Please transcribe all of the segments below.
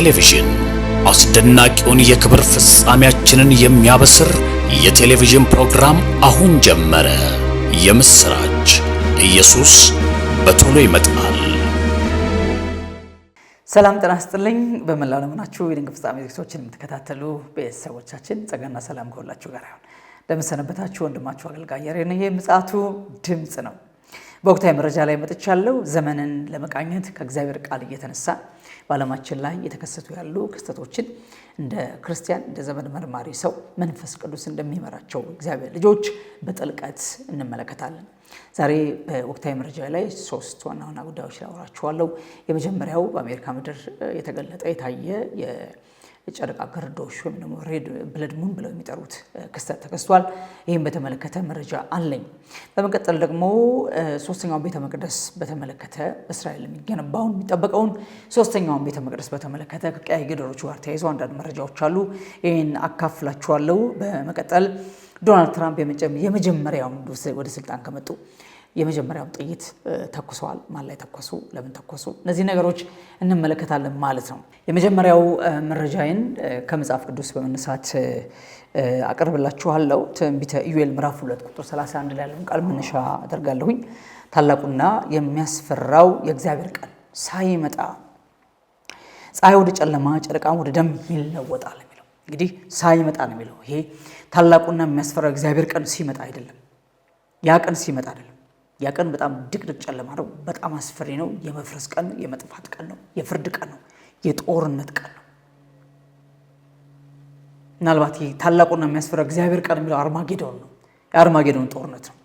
ቴሌቪዥን አስደናቂውን የክብር ፍጻሜያችንን የሚያበስር የቴሌቪዥን ፕሮግራም አሁን ጀመረ። የምስራች! ኢየሱስ በቶሎ ይመጣል። ሰላም ጤና ይስጥልኝ። በመላው ነሙናችሁ የድንቅ ፍጻሜ ዝግጅቶችን የምትከታተሉ ቤተሰቦቻችን ጸጋና ሰላም ከሁላችሁ ጋር ይሁን። እንደምሰነበታችሁ ወንድማችሁ አገልጋይ ያሬን። ይህ ምጽአቱ ድምፅ ነው። በወቅታዊ መረጃ ላይ መጥቻለሁ። ዘመንን ለመቃኘት ከእግዚአብሔር ቃል እየተነሳ በዓለማችን ላይ እየተከሰቱ ያሉ ክስተቶችን እንደ ክርስቲያን እንደ ዘመን መርማሪ ሰው መንፈስ ቅዱስ እንደሚመራቸው እግዚአብሔር ልጆች በጥልቀት እንመለከታለን። ዛሬ በወቅታዊ መረጃ ላይ ሶስት ዋና ዋና ጉዳዮች ላይ የመጀመሪያው በአሜሪካ ምድር የተገለጠ የታየ የጨረቃ ግርዶሽ ወይም ደግሞ ሬድ ብለድ ሙን ብለው የሚጠሩት ክስተት ተከስቷል። ይህም በተመለከተ መረጃ አለኝ። በመቀጠል ደግሞ ሶስተኛውን ቤተ መቅደስ በተመለከተ እስራኤል የሚገነባውን የሚጠበቀውን ሶስተኛውን ቤተ መቅደስ በተመለከተ ከቀያይ ጊደሮቹ ጋር ተያይዞ አንዳንድ መረጃዎች አሉ። ይህን አካፍላችኋለሁ። በመቀጠል ዶናልድ ትራምፕ የመጀመሪያውን ወደ ስልጣን ከመጡ የመጀመሪያውን ጥይት ተኩሰዋል። ማን ላይ ተኮሱ? ለምን ተኮሱ? እነዚህ ነገሮች እንመለከታለን ማለት ነው። የመጀመሪያው መረጃዬን ከመጽሐፍ ቅዱስ በመነሳት አቀርብላችኋለሁ። ትንቢተ ኢዩኤል ምዕራፍ 2 ቁጥር 31 ላይ ያለውን ቃል መነሻ አደርጋለሁኝ። ታላቁና የሚያስፈራው የእግዚአብሔር ቀን ሳይመጣ ፀሐይ ወደ ጨለማ፣ ጨረቃም ወደ ደም ይለወጣል የሚለው እንግዲህ ሳይመጣ ነው የሚለው። ይሄ ታላቁና የሚያስፈራው የእግዚአብሔር ቀን ሲመጣ አይደለም፣ ያ ቀን ሲመጣ አይደለም ያ ቀን በጣም ድቅድቅ ጨለማ ነው። በጣም አስፈሪ ነው። የመፍረስ ቀን ነው። የመጥፋት ቀን ነው። የፍርድ ቀን ነው። የጦርነት ቀን ነው። ምናልባት ይህ ታላቁና የሚያስፈራ እግዚአብሔር ቀን የሚለው አርማጌዶን ነው። የአርማጌዶን ጦርነት ነው።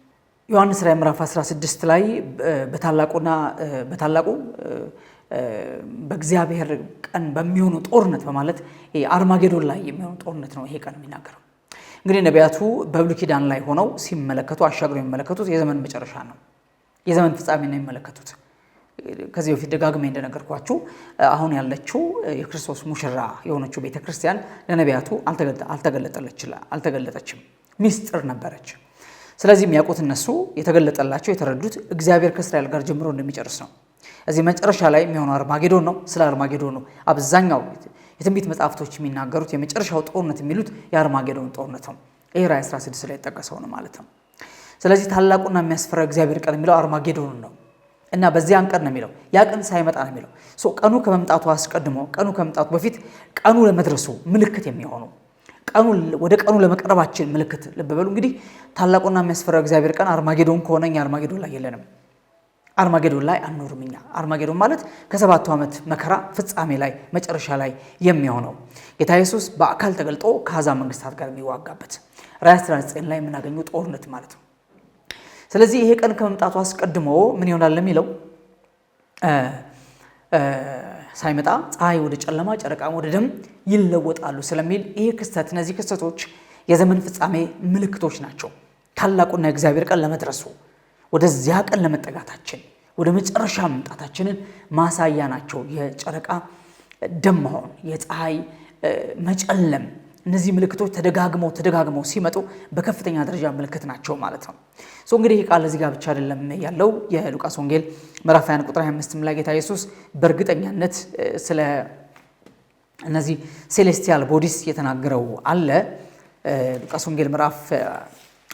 ዮሐንስ ራዕይ ምዕራፍ 16 ላይ በታላቁና በታላቁ በእግዚአብሔር ቀን በሚሆኑ ጦርነት በማለት አርማጌዶን ላይ የሚሆኑ ጦርነት ነው ይሄ ቀን የሚናገረው። እንግዲህ ነቢያቱ በብሉይ ኪዳን ላይ ሆነው ሲመለከቱ አሻግረው የሚመለከቱት የዘመን መጨረሻ ነው፣ የዘመን ፍጻሜ ነው የሚመለከቱት። ከዚህ በፊት ደጋግሜ እንደነገርኳችሁ አሁን ያለችው የክርስቶስ ሙሽራ የሆነችው ቤተ ክርስቲያን ለነቢያቱ አልተገለጠችም፣ ሚስጥር ነበረች። ስለዚህ የሚያውቁት እነሱ የተገለጠላቸው የተረዱት እግዚአብሔር ከእስራኤል ጋር ጀምሮ እንደሚጨርስ ነው። እዚህ መጨረሻ ላይ የሚሆነው አርማጌዶን ነው። ስለ አርማጌዶን ነው አብዛኛው የትንቢት መጽሐፍቶች የሚናገሩት የመጨረሻው ጦርነት የሚሉት የአርማጌዶን ጦርነት ነው። ይህ ራእይ 16 ላይ የጠቀሰው ነው ማለት ነው። ስለዚህ ታላቁና የሚያስፈራው እግዚአብሔር ቀን የሚለው አርማጌዶን ነው እና በዚያን ቀን ነው የሚለው ያ ቀን ሳይመጣ ነው የሚለው ቀኑ ከመምጣቱ አስቀድሞ ቀኑ ከመምጣቱ በፊት ቀኑ ለመድረሱ ምልክት የሚሆኑ ቀኑ ወደ ቀኑ ለመቅረባችን ምልክት ልብ በሉ እንግዲህ ታላቁና የሚያስፈራው እግዚአብሔር ቀን አርማጌዶን ከሆነ እኛ አርማጌዶን ላይ የለንም። አርማጌዶን ላይ አንኖርም እኛ። አርማጌዶን ማለት ከሰባቱ ዓመት መከራ ፍጻሜ ላይ መጨረሻ ላይ የሚሆነው ጌታ ኢየሱስ በአካል ተገልጦ ከአሕዛብ መንግስታት ጋር የሚዋጋበት ራዕይ 19 ላይ የምናገኘው ጦርነት ማለት ነው። ስለዚህ ይሄ ቀን ከመምጣቱ አስቀድሞ ምን ይሆናል ለሚለው ሳይመጣ ፀሐይ ወደ ጨለማ፣ ጨረቃ ወደ ደም ይለወጣሉ ስለሚል ይሄ ክስተት እነዚህ ክስተቶች የዘመን ፍጻሜ ምልክቶች ናቸው ታላቁና የእግዚአብሔር ቀን ለመድረሱ ወደዚያ ቀን ለመጠጋታችን ወደ መጨረሻ መምጣታችንን ማሳያ ናቸው። የጨረቃ ደም መሆን፣ የፀሐይ መጨለም፣ እነዚህ ምልክቶች ተደጋግመው ተደጋግመው ሲመጡ በከፍተኛ ደረጃ ምልክት ናቸው ማለት ነው። ሶ እንግዲህ ይህ ቃል እዚህ ጋር ብቻ አይደለም ያለው። የሉቃስ ወንጌል ምዕራፍ 21 ቁጥር 25 ላይ ጌታ ኢየሱስ በእርግጠኛነት ስለ እነዚህ ሴሌስቲያል ቦዲስ የተናገረው አለ። ሉቃስ ወንጌል ምዕራፍ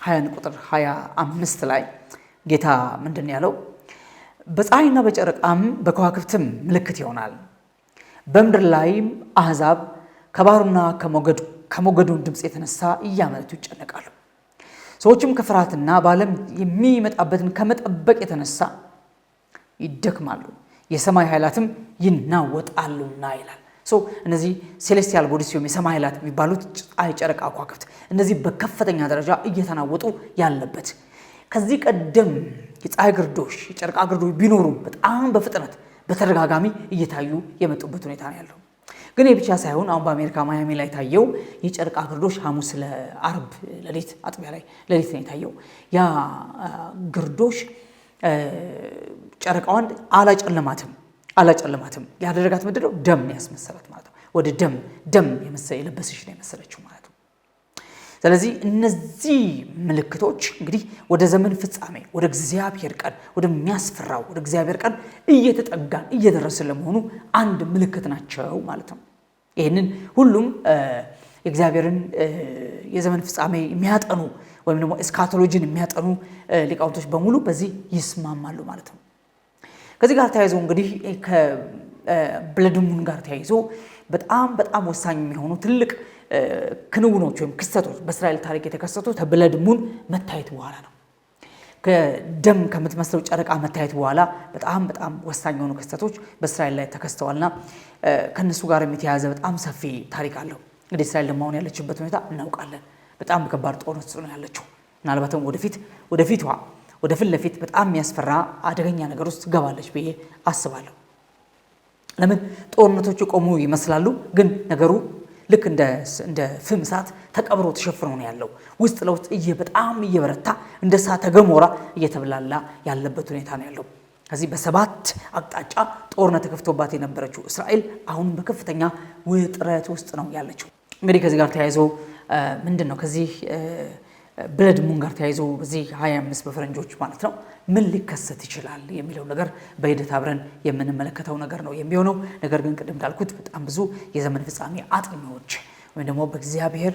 21 ቁጥር 25 ላይ ጌታ ምንድን ያለው? በፀሐይና በጨረቃም በከዋክብትም ምልክት ይሆናል፣ በምድር ላይም አሕዛብ ከባህሩና ከሞገዱ ድምፅ የተነሳ እያመለቱ ይጨነቃሉ። ሰዎችም ከፍርሃትና በዓለም የሚመጣበትን ከመጠበቅ የተነሳ ይደክማሉ፣ የሰማይ ኃይላትም ይናወጣሉና ይላል። እነዚህ ሴሌስቲያል ቦዲስ ወይም የሰማይ ኃይላት የሚባሉት ፀሐይ፣ ጨረቃ፣ ከዋክብት እነዚህ በከፍተኛ ደረጃ እየተናወጡ ያለበት ከዚህ ቀደም የፀሐይ ግርዶሽ የጨረቃ ግርዶሽ ቢኖሩም በጣም በፍጥነት በተደጋጋሚ እየታዩ የመጡበት ሁኔታ ነው ያለው። ግን የብቻ ሳይሆን አሁን በአሜሪካ ማያሚ ላይ ታየው የጨረቃ ግርዶሽ ሐሙስ ለአርብ ሌሊት አጥቢያ ላይ ሌሊት ነው የታየው። ያ ግርዶሽ ጨረቃዋን አላጨለማትም አላጨለማትም። ያደረጋት ምንድነው? ደም ያስመሰላት ማለት ነው። ወደ ደም ደም የለበሰች ነው የመሰለችው። ስለዚህ እነዚህ ምልክቶች እንግዲህ ወደ ዘመን ፍጻሜ ወደ እግዚአብሔር ቀን ወደሚያስፈራው ወደ እግዚአብሔር ቀን እየተጠጋን እየደረስን ለመሆኑ አንድ ምልክት ናቸው ማለት ነው። ይህንን ሁሉም የእግዚአብሔርን የዘመን ፍጻሜ የሚያጠኑ ወይም ደግሞ ኤስካቶሎጂን የሚያጠኑ ሊቃውንቶች በሙሉ በዚህ ይስማማሉ ማለት ነው። ከዚህ ጋር ተያይዞ እንግዲህ ከብለድሙን ጋር ተያይዞ በጣም በጣም ወሳኝ የሚሆኑ ትልቅ ክንውኖች ወይም ክስተቶች በእስራኤል ታሪክ የተከሰቱ ብለድ ሙን መታየት በኋላ ነው። ከደም ከምትመስለው ጨረቃ መታየት በኋላ በጣም በጣም ወሳኝ የሆኑ ክስተቶች በእስራኤል ላይ ተከስተዋልና ከእነሱ ጋር የተያያዘ በጣም ሰፊ ታሪክ አለው። እንግዲህ እስራኤል ደግሞ አሁን ያለችበት ሁኔታ እናውቃለን። በጣም በከባድ ጦርነት ውስጥ ነው ያለችው። ምናልባትም ወደፊት ወደፊት ወደ ፊት ለፊት በጣም የሚያስፈራ አደገኛ ነገር ውስጥ ትገባለች ብዬ አስባለሁ። ለምን ጦርነቶች የቆሙ ይመስላሉ፣ ግን ነገሩ ልክ እንደ ፍም እሳት ተቀብሮ ተሸፍኖ ነው ያለው። ውስጥ ለውስጥ በጣም እየበረታ እንደ እሳተ ገሞራ እየተብላላ ያለበት ሁኔታ ነው ያለው። ከዚህ በሰባት አቅጣጫ ጦርነት ተከፍቶባት የነበረችው እስራኤል አሁን በከፍተኛ ውጥረት ውስጥ ነው ያለችው። እንግዲህ ከዚህ ጋር ተያይዞ ምንድን ነው ከዚህ ብለድሙን ጋር ተያይዞ በዚህ 25 በፈረንጆች ማለት ነው ምን ሊከሰት ይችላል የሚለው ነገር በሂደት አብረን የምንመለከተው ነገር ነው የሚሆነው። ነገር ግን ቅድም እንዳልኩት በጣም ብዙ የዘመን ፍጻሜ አጥኚዎች ወይም ደግሞ በእግዚአብሔር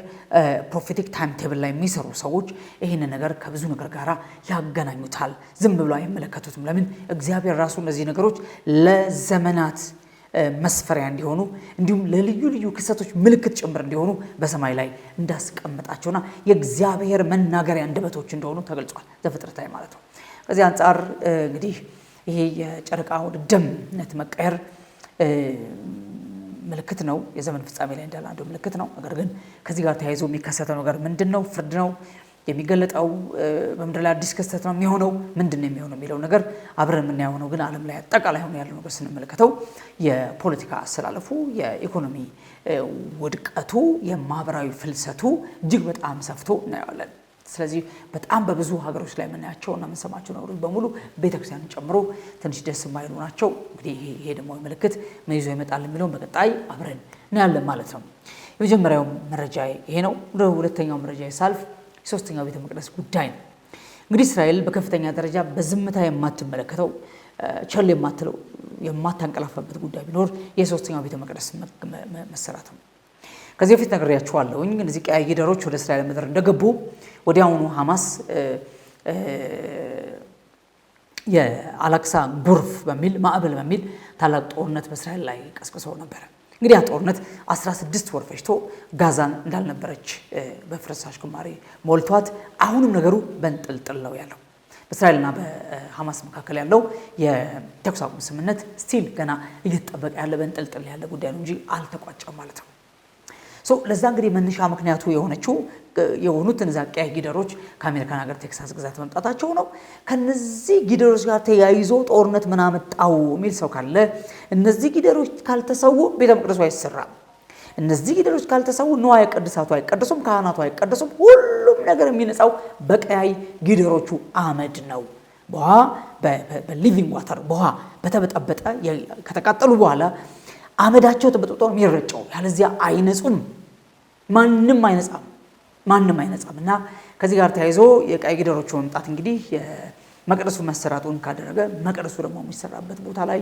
ፕሮፌቲክ ታይም ቴብል ላይ የሚሰሩ ሰዎች ይህን ነገር ከብዙ ነገር ጋር ያገናኙታል። ዝም ብሎ አይመለከቱትም። ለምን? እግዚአብሔር ራሱ እነዚህ ነገሮች ለዘመናት መስፈሪያ እንዲሆኑ እንዲሁም ለልዩ ልዩ ክስተቶች ምልክት ጭምር እንዲሆኑ በሰማይ ላይ እንዳስቀምጣቸውና የእግዚአብሔር መናገሪያ አንደበቶች እንደሆኑ ተገልጿል። ዘፍጥረት ላይ ማለት ነው። ከዚህ አንጻር እንግዲህ ይሄ የጨረቃ ወደ ደምነት መቀየር ምልክት ነው። የዘመን ፍጻሜ ላይ እንዳለ አንዱ ምልክት ነው። ነገር ግን ከዚህ ጋር ተያይዞ የሚከሰተው ነገር ምንድን ነው? ፍርድ ነው። የሚገለጠው በምድር ላይ አዲስ ክስተት ነው የሚሆነው ምንድን ነው የሚሆነው የሚለው ነገር አብረን የምናየው ነው። ግን ዓለም ላይ አጠቃላይ ሆኖ ያለው ነገር ስንመለከተው የፖለቲካ አሰላለፉ፣ የኢኮኖሚ ውድቀቱ፣ የማህበራዊ ፍልሰቱ እጅግ በጣም ሰፍቶ እናየዋለን። ስለዚህ በጣም በብዙ ሀገሮች ላይ የምናያቸው እና የምንሰማቸው ነገሮች በሙሉ ቤተክርስቲያንን ጨምሮ ትንሽ ደስ የማይሉ ናቸው። እንግዲህ ይሄ ደግሞ ምልክት ምን ይዞ ይመጣል የሚለውን በቀጣይ አብረን እናያለን ማለት ነው። የመጀመሪያው መረጃ ይሄ ነው። ሁለተኛው መረጃ ሳልፍ የሶስተኛው ቤተ መቅደስ ጉዳይ ነው። እንግዲህ እስራኤል በከፍተኛ ደረጃ በዝምታ የማትመለከተው ቸል የማትለው የማታንቀላፋበት ጉዳይ ቢኖር የሶስተኛው ቤተ መቅደስ መሰራት ነው። ከዚህ በፊት ነግሬያችኋለሁኝ። እነዚህ ቀያይ ደሮች ወደ እስራኤል ምድር እንደገቡ ወዲያውኑ ሐማስ የአላክሳ ጎርፍ በሚል ማዕበል በሚል ታላቅ ጦርነት በእስራኤል ላይ ቀስቅሰው ነበረ። እንግዲህ ያ ጦርነት 16 ወር ፈጅቶ ጋዛን እንዳልነበረች በፍርስራሽ ጉማሬ ሞልቷት አሁንም ነገሩ በንጥልጥል ነው ያለው። በእስራኤልና በሐማስ መካከል ያለው የተኩስ አቁም ስምምነት ስቲል ገና እየተጠበቀ ያለ በንጥልጥል ያለ ጉዳይ ነው እንጂ አልተቋጨም ማለት ነው። ለዛ እንግዲህ መነሻ ምክንያቱ የሆነችው የሆኑትን እዛ ቀያይ ጊደሮች ከአሜሪካን ሀገር ቴክሳስ ግዛት መምጣታቸው ነው። ከነዚህ ጊደሮች ጋር ተያይዞ ጦርነት ምን አመጣው የሚል ሰው ካለ እነዚህ ጊደሮች ካልተሰዉ ቤተ መቅደሱ አይሰራም። እነዚህ ጊደሮች ካልተሰዉ ንዋየ ቅድሳቱ አይቀደሱም ካህናቱ አይቀደሱም ሁሉም ነገር የሚነጻው በቀያይ ጊደሮቹ አመድ ነው። በውሃ በሊቪንግ ዋተር በውሃ በተበጠበጠ ከተቃጠሉ በኋላ አመዳቸው ተበጥብጦ የሚረጨው ያለዚያ አይነጹም። ማንም አይነጻም፣ ማንም አይነጻም። እና ከዚህ ጋር ተያይዞ የቀይ ጊደሮቹ መምጣት እንግዲህ መቅደሱ መሰራቱን ካደረገ መቅደሱ ደግሞ የሚሰራበት ቦታ ላይ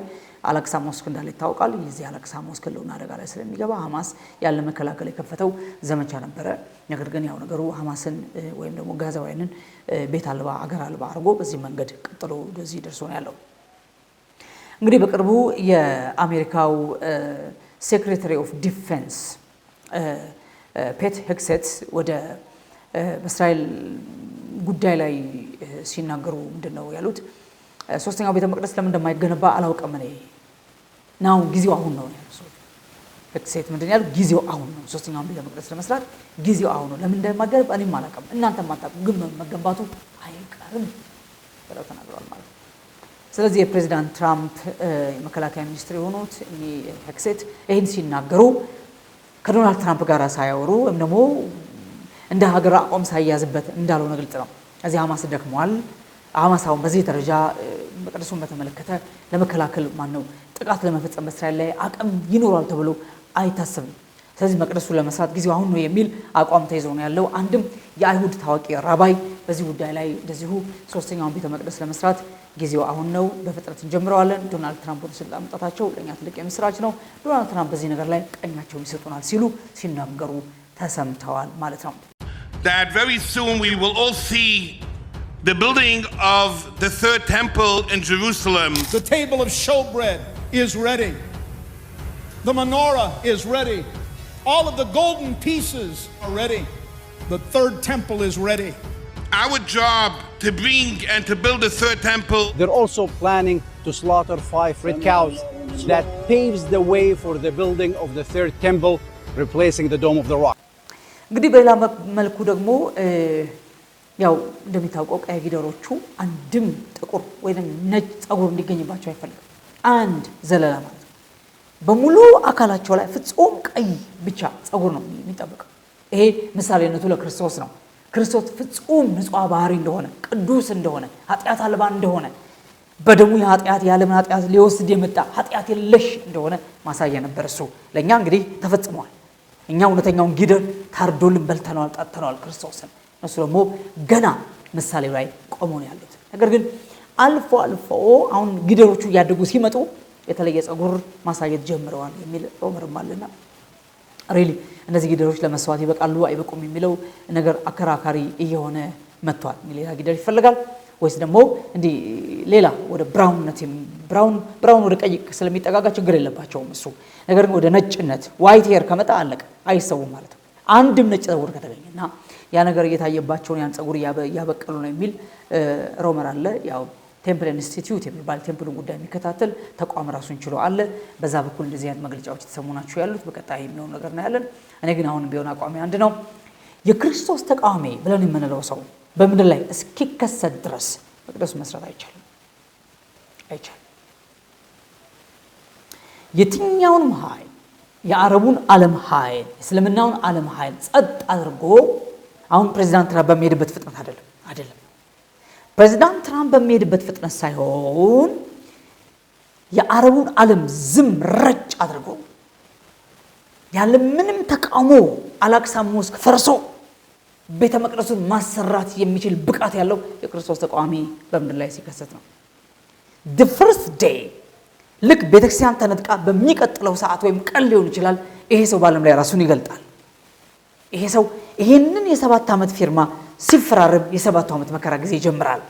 አላክሳ ሞስክ እንዳለ ይታወቃል። የዚህ አላክሳ ሞስክ ህልውና አደጋ ላይ ስለሚገባ ሀማስ ያለ መከላከል የከፈተው ዘመቻ ነበረ። ነገር ግን ያው ነገሩ ሀማስን ወይም ደግሞ ጋዛውያንን ቤት አልባ አገር አልባ አድርጎ በዚህ መንገድ ቀጥሎ ወደዚህ ደርሶ ነው ያለው። እንግዲህ በቅርቡ የአሜሪካው ሴክሬታሪ ኦፍ ዲፌንስ ፔት ሄግሴት ወደ እስራኤል ጉዳይ ላይ ሲናገሩ ምንድን ነው ያሉት? ሶስተኛው ቤተ መቅደስ ለምን እንደማይገነባ አላውቅም እኔ ናው ጊዜው አሁን ነው ያሉት። ሄግሴት ምንድን ያሉት? ጊዜው አሁን ነው፣ ሶስተኛውን ቤተ መቅደስ ለመስራት ጊዜው አሁን ነው። ለምን እንደማይገነባ እኔም አላውቅም፣ እናንተም አታውቁም፣ ግን መገንባቱ አይቀርም ብለው ተናግረዋል ማለት ነው። ስለዚህ የፕሬዚዳንት ትራምፕ የመከላከያ ሚኒስትር የሆኑት ሄግሴት ይህን ሲናገሩ ከዶናልድ ትራምፕ ጋር ሳያወሩ ወይም ደግሞ እንደ ሀገር አቋም ሳይያዝበት እንዳልሆነ ግልጽ ነው። እዚህ ሀማስ ደክመዋል። ሀማስ አሁን በዚህ ደረጃ መቅደሱን በተመለከተ ለመከላከል ማን ነው ጥቃት ለመፈጸም በእስራኤል ላይ አቅም ይኖራል ተብሎ አይታሰብም። ስለዚህ መቅደሱ ለመስራት ጊዜው አሁን ነው የሚል አቋም ተይዞ ነው ያለው። አንድም የአይሁድ ታዋቂ ራባይ በዚህ ጉዳይ ላይ እንደዚሁ ሶስተኛውን ቤተ መቅደስ ለመስራት ጊዜው አሁን ነው፣ እንጀምረዋለን። ዶናልድ ትራምፕ ወደ ስልጣን መምጣታቸው ለእኛ ትልቅ የምስራች ነው። ዶናልድ ትራምፕ በዚህ ነገር ላይ ቀኛቸውን ይሰጡናል ሲሉ ሲናገሩ ተሰምተዋል ማለት ነው። That very soon we will all see the building of the third temple in Jerusalem. The table of showbread is ready. The menorah is ready. All of the golden pieces are ready. The third temple is ready our job to bring and to build a third temple. They're also planning to slaughter five red cows. That paves the way for the building of the third temple, replacing the Dome of the Rock. ያው እንደሚታወቀው ቀይ ጊደሮቹ አንድም ጥቁር ወይም ነጭ ጸጉር እንዲገኝባቸው አይፈልግም። አንድ ዘለላ ማለት በሙሉ አካላቸው ላይ ፍጹም ቀይ ብቻ ጸጉር ነው የሚጠበቀው። ይሄ ምሳሌነቱ ለክርስቶስ ነው። ክርስቶስ ፍጹም ንጹሕ ባህሪ እንደሆነ፣ ቅዱስ እንደሆነ፣ ኃጢአት አልባ እንደሆነ በደሙ የኃጢአት የዓለምን ኃጢአት ሊወስድ የመጣ ኃጢአት የለሽ እንደሆነ ማሳያ ነበር። እሱ ለእኛ እንግዲህ ተፈጽሟል። እኛ እውነተኛውን ጊደር ታርዶልን በልተነዋል፣ ጠጥተነዋል ክርስቶስን። እሱ ደግሞ ገና ምሳሌ ላይ ቆሞ ነው ያሉት። ነገር ግን አልፎ አልፎ አሁን ጊደሮቹ እያደጉ ሲመጡ የተለየ ጸጉር ማሳየት ጀምረዋል የሚል ሮመርም አለና ሪሊ እነዚህ ጊደሮች ለመስዋዕት ይበቃሉ አይበቁም የሚለው ነገር አከራካሪ እየሆነ መጥቷል። ሌላ ጊደር ይፈልጋል ወይስ ደግሞ እንዲህ ሌላ ወደ ብራውንነት ብራውን ብራውን ወደ ቀይ ስለሚጠጋጋ ችግር የለባቸውም እሱ ነገር ግን ወደ ነጭነት ዋይት ሄር ከመጣ አለቀ አይሰውም ማለት ነው። አንድም ነጭ ጸጉር ከተገኘ እና ያ ነገር እየታየባቸውን ያን ጸጉር እያበቀሉ ነው የሚል ሮመር አለ ያው ቴምፕል ኢንስቲትዩት የሚባል ቴምፕሉን ጉዳይ የሚከታተል ተቋም ራሱን ችሎ አለ። በዛ በኩል እንደዚህ አይነት መግለጫዎች የተሰሙ ናቸው ያሉት። በቀጣይ የሚሆን ነገር እናያለን። እኔ ግን አሁንም ቢሆን አቋሚ አንድ ነው። የክርስቶስ ተቃዋሚ ብለን የምንለው ሰው በምድር ላይ እስኪከሰት ድረስ መቅደሱ መስራት አይቻልም አይቻልም። የትኛውንም ኃይል የአረቡን ዓለም ኃይል፣ የእስልምናውን ዓለም ኃይል ጸጥ አድርጎ አሁን ፕሬዚዳንት ትራምፕ በሚሄድበት ፍጥነት አይደለም ፕሬዚዳንት ትራምፕ በሚሄድበት ፍጥነት ሳይሆን የአረቡን ዓለም ዝም ረጭ አድርጎ ያለ ምንም ተቃውሞ አላክሳ ሞስክ ፈርሶ ቤተ መቅደሱን ማሰራት የሚችል ብቃት ያለው የክርስቶስ ተቃዋሚ በምድር ላይ ሲከሰት ነው። ድ ፍርስት ዴይ ልክ ቤተክርስቲያን ተነጥቃ በሚቀጥለው ሰዓት ወይም ቀን ሊሆን ይችላል። ይሄ ሰው በዓለም ላይ ራሱን ይገልጣል። ይሄ ሰው ይሄንን የሰባት ዓመት ፊርማ ሲፈራረብ የሰባቱ ዓመት መከራ ጊዜ ይጀምራል።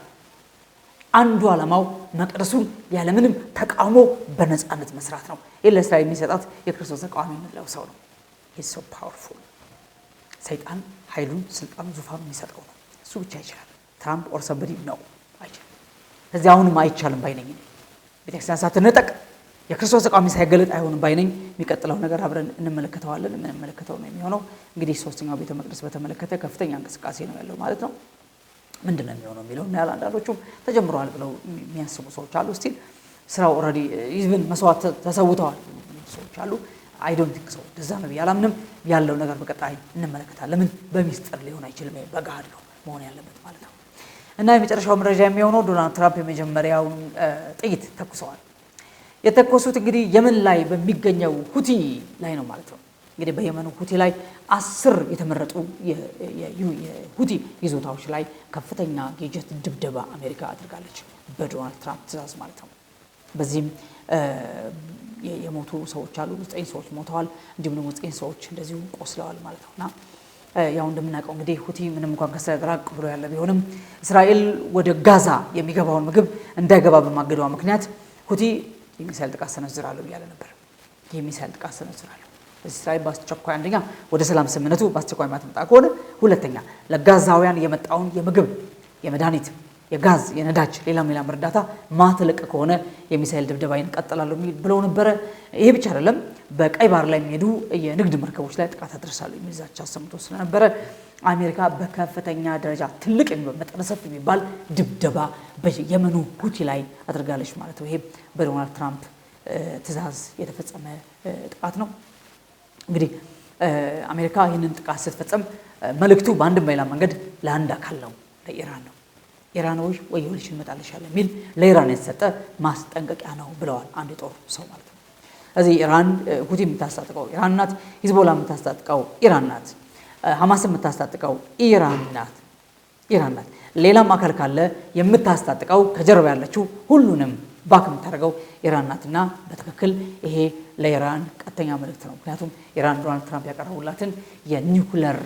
አንዱ ዓላማው መቅደሱን ያለምንም ተቃውሞ በነፃነት መስራት ነው። ይህ ለእስራኤል የሚሰጣት የክርስቶስ ተቃዋሚ የምንለው ሰው ነው። ይህ ሰው ፓወርፉል ሰይጣን ኃይሉን፣ ስልጣኑ፣ ዙፋኑ የሚሰጠው ነው። እሱ ብቻ ይችላል። ትራምፕ ኦር ሰምበዲ ነው። እዚህ አሁንም አይቻልም ባይነኝ ቤተክርስቲያን ሳትነጠቅ የክርስቶስ ተቃዋሚ ሳይገለጥ አይሆንም ባይነኝ። የሚቀጥለው ነገር አብረን እንመለከተዋለን። የምንመለከተው ነው የሚሆነው። እንግዲህ ሶስተኛው ቤተ መቅደስ በተመለከተ ከፍተኛ እንቅስቃሴ ነው ያለው ማለት ነው። ምንድን ነው የሚሆነው የሚለው እና ያል አንዳንዶቹም ተጀምረዋል ብለው የሚያስቡ ሰዎች አሉ። ስቲል ስራው ኦልሬዲ ይዝብን መስዋዕት ተሰውተዋል ሰዎች አሉ። አይዶንቲንክ ሰው እንደዛ ነው ብዬ ያለው ነገር በቀጣይ እንመለከታለን። ለምን በሚስጥር ሊሆን አይችልም፣ በገሃድ ነው መሆን ያለበት ማለት ነው። እና የመጨረሻው መረጃ የሚሆነው ዶናልድ ትራምፕ የመጀመሪያውን ጥይት ተኩሰዋል። የተኮሱት እንግዲህ የመን ላይ በሚገኘው ሁቲ ላይ ነው ማለት ነው። እንግዲህ በየመኑ ሁቲ ላይ አስር የተመረጡ የሁቲ ይዞታዎች ላይ ከፍተኛ የጀት ድብደባ አሜሪካ አድርጋለች በዶናልድ ትራምፕ ትእዛዝ ማለት ነው። በዚህም የሞቱ ሰዎች አሉ። ዘጠኝ ሰዎች ሞተዋል። እንዲሁም ደግሞ ዘጠኝ ሰዎች እንደዚሁ ቆስለዋል ማለት ነው እና ያው እንደምናውቀው እንግዲህ ሁቲ ምንም እንኳን ከእስራኤል ራቅ ብሎ ያለ ቢሆንም እስራኤል ወደ ጋዛ የሚገባውን ምግብ እንዳይገባ በማገዷ ምክንያት ሁቲ የሚሳይል ጥቃት ሰነዝራለሁ እያለ ነበር። የሚሳይል ጥቃት ሰነዝራለሁ እስራኤል በአስቸኳይ አንደኛ ወደ ሰላም ስምምነቱ በአስቸኳይ ማትመጣ ከሆነ፣ ሁለተኛ ለጋዛውያን የመጣውን የምግብ፣ የመድኃኒት፣ የጋዝ፣ የነዳጅ ሌላም ሌላም እርዳታ ማትልቅ ከሆነ የሚሳይል ድብደባ እቀጥላለሁ የሚል ብለው ነበረ። ይሄ ብቻ አይደለም፣ በቀይ ባህር ላይ የሚሄዱ የንግድ መርከቦች ላይ ጥቃት አደርሳለሁ የሚል ዛቻ አሰምቶ ስለነበረ አሜሪካ በከፍተኛ ደረጃ ትልቅ መጠነ ሰፊ የሚባል ድብደባ በየመኑ ሁቲ ላይ አድርጋለች ማለት ነው። ይሄ በዶናልድ ትራምፕ ትዕዛዝ የተፈጸመ ጥቃት ነው። እንግዲህ አሜሪካ ይህንን ጥቃት ስትፈጸም መልእክቱ በአንድም በሌላ መንገድ ለአንድ አካል ነው፣ ለኢራን ነው። ኢራኖች ወይ የሆነች እንመጣልሻል የሚል ለኢራን የተሰጠ ማስጠንቀቂያ ነው ብለዋል አንድ የጦር ሰው ማለት ነው። እዚህ ኢራን ሁቲ የምታስታጥቀው ኢራን ናት፣ ሂዝቦላ የምታስታጥቀው ኢራን ናት። ሀማስ የምታስታጥቀው ኢራን ናት። ኢራን ናት። ሌላም አካል ካለ የምታስታጥቀው ከጀርባ ያለችው ሁሉንም ባክ የምታደርገው ኢራን ናትና በትክክል ይሄ ለኢራን ቀጥተኛ መልእክት ነው። ምክንያቱም ኢራን ዶናልድ ትራምፕ ያቀረቡላትን የኒውክለር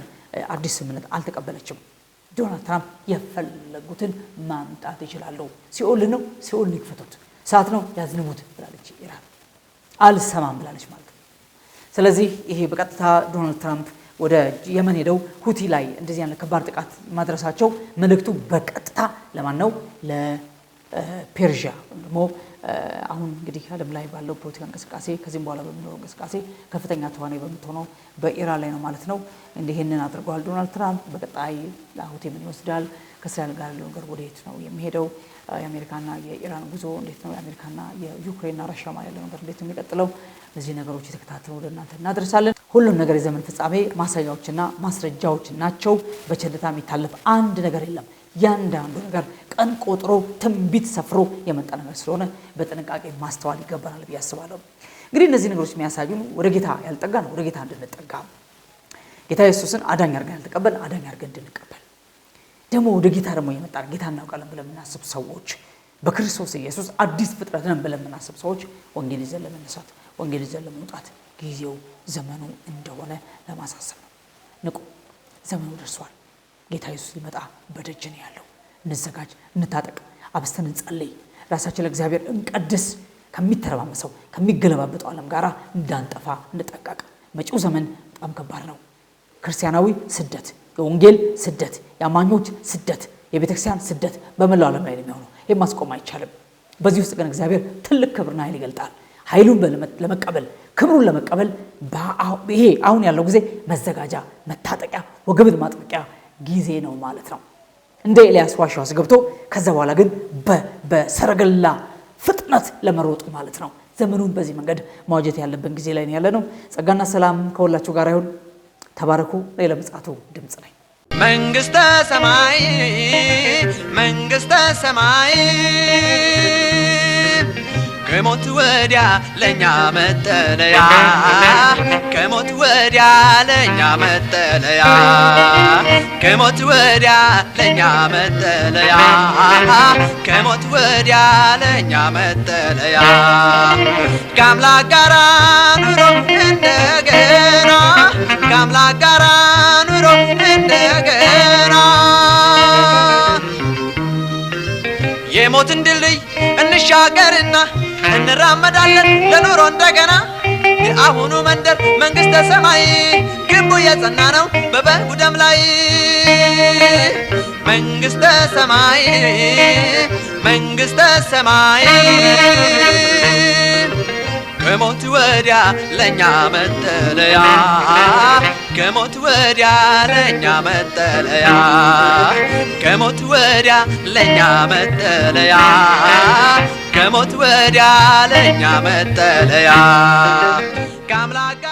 አዲስ ስምምነት አልተቀበለችም። ዶናልድ ትራምፕ የፈለጉትን ማምጣት ይችላሉ። ሲኦል ነው፣ ሲኦል ይክፈቱት፣ ሰዓት ነው ያዝንቡት ብላለች ኢራን። አልሰማም ብላለች ማለት ነው። ስለዚህ ይሄ በቀጥታ ዶናልድ ትራምፕ ወደ የመን ሄደው ሁቲ ላይ እንደዚህ ያለ ከባድ ጥቃት ማድረሳቸው መልእክቱ በቀጥታ ለማን ነው? ለፔርዣ ደግሞ አሁን እንግዲህ ዓለም ላይ ባለው ፖለቲካ እንቅስቃሴ ከዚህም በኋላ በሚኖረው እንቅስቃሴ ከፍተኛ ተዋናይ በምትሆነው በኢራን ላይ ነው ማለት ነው። ይህንን አድርገዋል ዶናልድ ትራምፕ። በቀጣይ ሁቲ ምን ይወስዳል? ከእስራኤል ጋር ያለው ነገር ነው የሚሄደው? የአሜሪካና የኢራን ጉዞ እንዴት ነው? የአሜሪካና የዩክሬንና ራሽያ ያለው ነገር እንዴት ነው የሚቀጥለው? እነዚህ ነገሮች የተከታተሉ ወደ እናንተ እናደርሳለን። ሁሉም ነገር የዘመን ፍጻሜ ማሳያዎችና ማስረጃዎች ናቸው። በቸልታ የሚታለፍ አንድ ነገር የለም። ያንዳንዱ ነገር ቀን ቆጥሮ ትንቢት ሰፍሮ የመጣ ነገር ስለሆነ በጥንቃቄ ማስተዋል ይገባናል ብዬ አስባለሁ። እንግዲህ እነዚህ ነገሮች የሚያሳዩን ወደ ጌታ ያልጠጋ ነው፣ ወደ ጌታ እንድንጠጋ ጌታ ኢየሱስን አዳኝ አድርገን ያልተቀበል አዳኝ አድርገን እንድንቀበል ደግሞ ወደ ጌታ ደግሞ የመጣ ጌታ እናውቃለን ብለን የምናስብ ሰዎች፣ በክርስቶስ ኢየሱስ አዲስ ፍጥረት ነን ብለን የምናስብ ሰዎች ወንጌል ይዘን ለመነሳት ወንጌል ይዘን ለመውጣት ጊዜው ዘመኑ እንደሆነ ለማሳሰብ ነው። ንቁ፣ ዘመኑ ደርሷል። ጌታ ኢየሱስ ሊመጣ በደጅ ነው ያለው። እንዘጋጅ፣ እንታጠቅ፣ አብስተን እንጸልይ፣ ራሳችን ለእግዚአብሔር እንቀድስ። ከሚተረባመሰው ከሚገለባበጠው ዓለም ጋር እንዳንጠፋ እንጠቃቅ። መጪው ዘመን በጣም ከባድ ነው። ክርስቲያናዊ ስደት፣ የወንጌል ስደት፣ የአማኞች ስደት፣ የቤተክርስቲያን ስደት በመላው ዓለም ላይ የሚሆነው። ይህ ማስቆም አይቻልም። በዚህ ውስጥ ግን እግዚአብሔር ትልቅ ክብርና ኃይል ይገልጣል። ኃይሉን ለመቀበል ክብሩን ለመቀበል ይሄ አሁን ያለው ጊዜ መዘጋጃ፣ መታጠቂያ፣ ወገብት ማጥበቂያ ጊዜ ነው ማለት ነው። እንደ ኤልያስ ዋሻ ውስጥ ገብቶ ከዛ በኋላ ግን በሰረገላ ፍጥነት ለመሮጥ ማለት ነው። ዘመኑን በዚህ መንገድ ማዋጀት ያለብን ጊዜ ላይ ያለ ነው። ጸጋና ሰላም ከሁላችሁ ጋር ይሁን። ተባረኩ። ለምጽአቱ ድምፅ ነኝ። መንግስተ ሰማይ መንግስተ ሰማይ ከሞት ወዲያ ለእኛ መጠለያ ከሞት ወዲያ ለእኛ መጠለያ ከሞት ወዲያ ለእኛ መጠለያ ከሞት ወዲያ ለእኛ መጠለያ ከአምላክ ጋራ ኑሮ እንደገና ከአምላክ ጋራ ኑሮ እንደገና የሞትን ድልድይ እንሻገርና እንራመዳለን ለኑሮ እንደገና የአሁኑ መንደር መንግስተ ሰማይ ግንቡ የጸና ነው በበጉ ደም ላይ መንግስተ ሰማይ መንግሥተ ሰማይ ከሞት ወዲያ ለእኛ መጠለያ ከሞት ወዲያ ለእኛ መጠለያ ከሞት ወዲያ ለእኛ መጠለያ ከሞት ወዲያ ለእኛ መጠለያ ከአምላክ